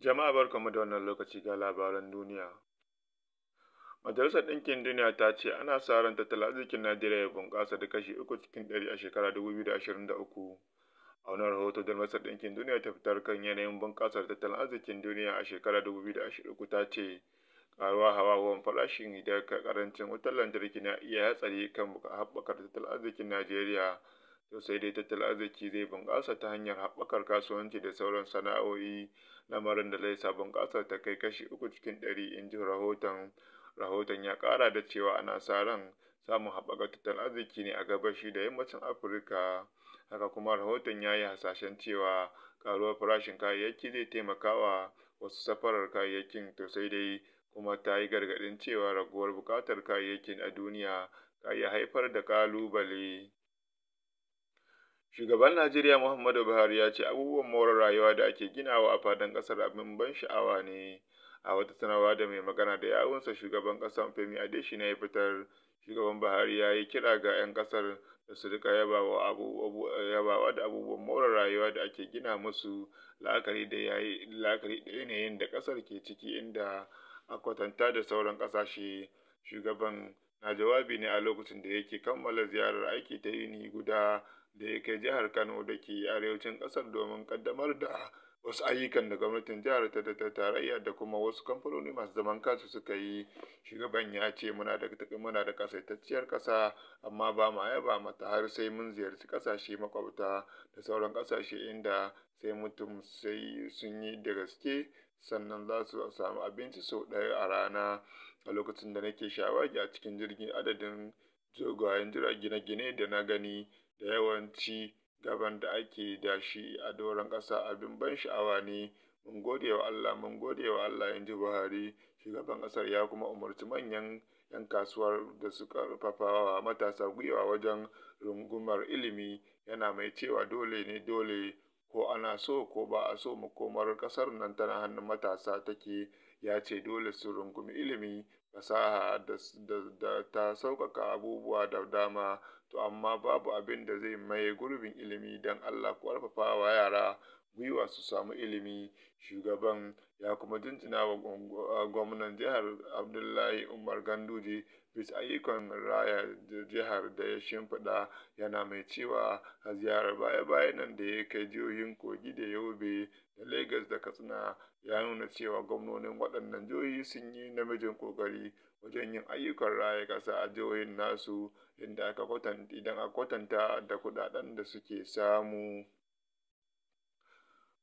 Jama'a barkanmu da wannan lokaci ga labaran duniya. Majalisar Ɗinkin Duniya ta ce ana sa ran tattalin arzikin Najeriya ya bunƙasa da kashi uku cikin ɗari a shekara 2023. A wani rahoto da Majalisar Ɗinkin Duniya ta fitar kan yanayin bunƙasar tattalin arzikin duniya a shekara 2023 ta ce ƙaruwa hawa farashin da ƙarancin wutar lantarki na iya hatsari kan haɓakar tattalin arzikin Najeriya. to sai dai tattalin arziki zai bunƙasa ta hanyar haɓakar kasuwanci da sauran sana'o'i lamarin da zai sa bunƙasar ta kai kashi uku cikin ɗari in ji rahoton rahoton ya ƙara da cewa ana sa ran samun haɓakar tattalin arziki ne a gabashi da yammacin afirka haka kuma rahoton ya yi hasashen cewa ƙaruwar farashin kayayyaki zai taimaka wa wasu safarar kayayyakin to sai dai kuma ta yi gargaɗin cewa raguwar buƙatar kayayyakin a duniya ka iya haifar da ƙalubale Shugaban Najeriya Muhammadu Buhari ya ce abubuwan more rayuwa da ake ginawa a fadan kasar abin ban sha'awa ne, a wata sanarwa da mai magana da yawunsa Shugaban kasar Femi Adesina ya fitar, Shugaban Buhari ya yi kira ga ‘yan kasar da su rika yabawa da abubuwan more rayuwa da ake gina musu, la'akari da yanayin da ƙasar ke ciki inda a kwatanta da sauran ƙasashe, Shugaban na jawabi ne a lokacin da yake kammala ziyarar aiki ta yini guda. da ya kai jihar Kano da ke arewacin ƙasar domin ƙaddamar da wasu ayyukan da gwamnatin jihar ta ta tarayya da kuma wasu kamfanoni masu zaman kansu suka yi shugaban ya ce muna da muna da kasaitacciyar ƙasa amma ba ma yaba mata har sai mun ziyarci ƙasashe makwabta da sauran ƙasashe inda sai mutum sai sun yi da gaske sannan za su samu abinci sau ɗaya a rana a lokacin da nake shawagi a cikin jirgin adadin dogayen gine-gine da na gani da yawanci gaban da ake da shi a doron ƙasa abin ban sha'awa ne, mun gode wa Allah, mun gode wa Allah,” ji Buhari shugaban ƙasar ya kuma umarci manyan ‘yan kasuwar da su ƙarfafawa matasa gwiwa wajen rungumar ilimi, yana mai cewa dole ne dole ko ana so ko ba a so komar ƙasar nan tana hannun matasa take, ya ce dole su rungumi ilimi, fasaha da ta sauƙaƙa abubuwa da dama. to amma babu abin da zai maye gurbin ilimi don Allah ku ƙarfafa wa yara gwiwa su samu ilimi shugaban ya kuma jinjina wa gwamnan jihar abdullahi umar ganduje bisa ayyukan raya jihar da ya shimfiɗa yana mai cewa a ziyarar baya-bayan nan da ya kai jihohin kogi da yobe da lagos da katsina ya nuna cewa gwamnonin waɗannan jihohi sun yi namijin ƙoƙari wajen yin ayyukan raya ƙasa a jihohin nasu inda aka kwatanta idan a kwatanta da kuɗaɗen da suke samu.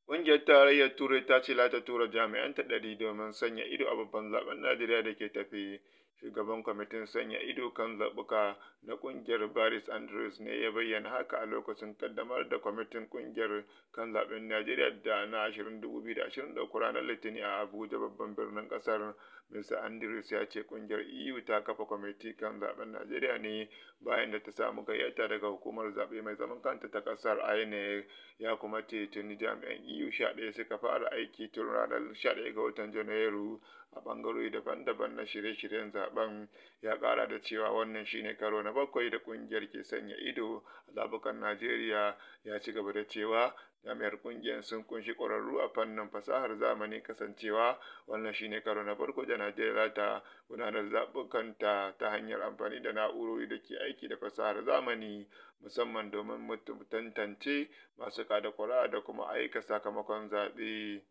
Ƙungiyar Tarayyar Turai ta ce za ta tura jami'anta ɗari domin sanya ido a babban zaɓen Najeriya da ke tafe. Shugaban Kwamitin Sanya Ido kan Zaɓuka na ƙungiyar Baris Andrews ne ya bayyana haka a lokacin ƙaddamar da kwamitin ƙungiyar kan zaɓen Najeriya da na 2023 ranar Litinin a Abuja babban birnin ƙasar. Mr. Andrews ya ce ƙungiyar EU ta kafa kwamiti kan zaɓen Najeriya ne bayan da ta samu gayyata daga hukumar zaɓe mai zaman kanta ta ƙasar INEC ya kuma ce tuni jami'an EU 11 suka fara aiki tun ranar 11 ga watan Janairu a ɓangarori daban-daban na shirye-shiryen zaben ya ƙara da cewa wannan shine karo na bakwai da ƙungiyar ke sanya ido a zaɓukan najeriya ya ci gaba da cewa jami'ar ƙungiyar sun kunshi ƙwararru a fannin fasahar zamani kasancewa wannan shine karo na farko da najeriya ta gudanar zaɓukanta ta hanyar amfani da na'urori da ke aiki da fasahar zamani musamman domin tantance masu kada ƙuri'a da kuma aika sakamakon zaɓe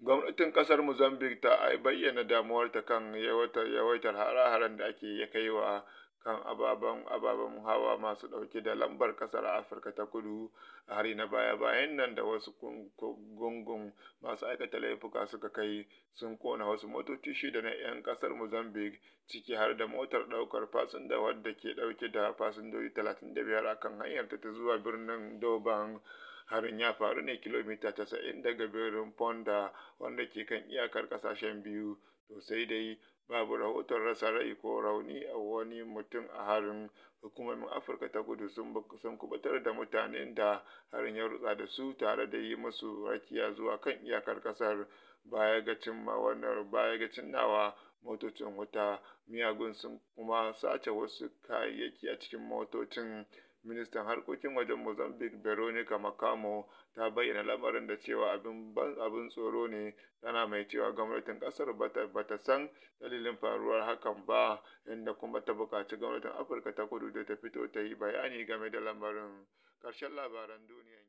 Gwamnatin ƙasar Mozambiƙue ta bayyana damuwarta kan yawaitar hare-haren da ake kaiwa kan ababen ababen hawa masu dauke da lambar ƙasar Afirka ta Kudu a hari na baya-bayan nan da wasu gungun masu aikata laifuka suka kai sun kona wasu motoci shida na 'yan kasar Mozambique ciki har da motar ɗaukar fasinja wadda ke dauke da fasinjoji 35 a kan hanyarta ta zuwa birnin Durban. harin ya faru ne kilomita 90 daga birnin Ponda wanda ke kan iyakar kasashen biyu to sai dai babu rahoton rasa rai ko rauni a wani mutum a harin hukumomin afirka ta kudu sun kubutar da mutanen da harin ya rutsa da su tare da yi musu rakiya zuwa kan iyakar ƙasar baya ga cimma wannan baya ga cinnawa motocin wuta, miyagun sun kuma sace wasu kayayyaki a cikin motocin. Ministan harkokin wajen Mozambique Veronica Makamo, ta bayyana lamarin da cewa abin abin tsoro ne, tana mai cewa gwamnatin ƙasar ba ta san dalilin faruwar hakan ba, inda kuma ta bukaci gwamnatin Afirka ta Kudu da ta fito ta yi bayani game da lamarin. Ƙarshen labaran duniya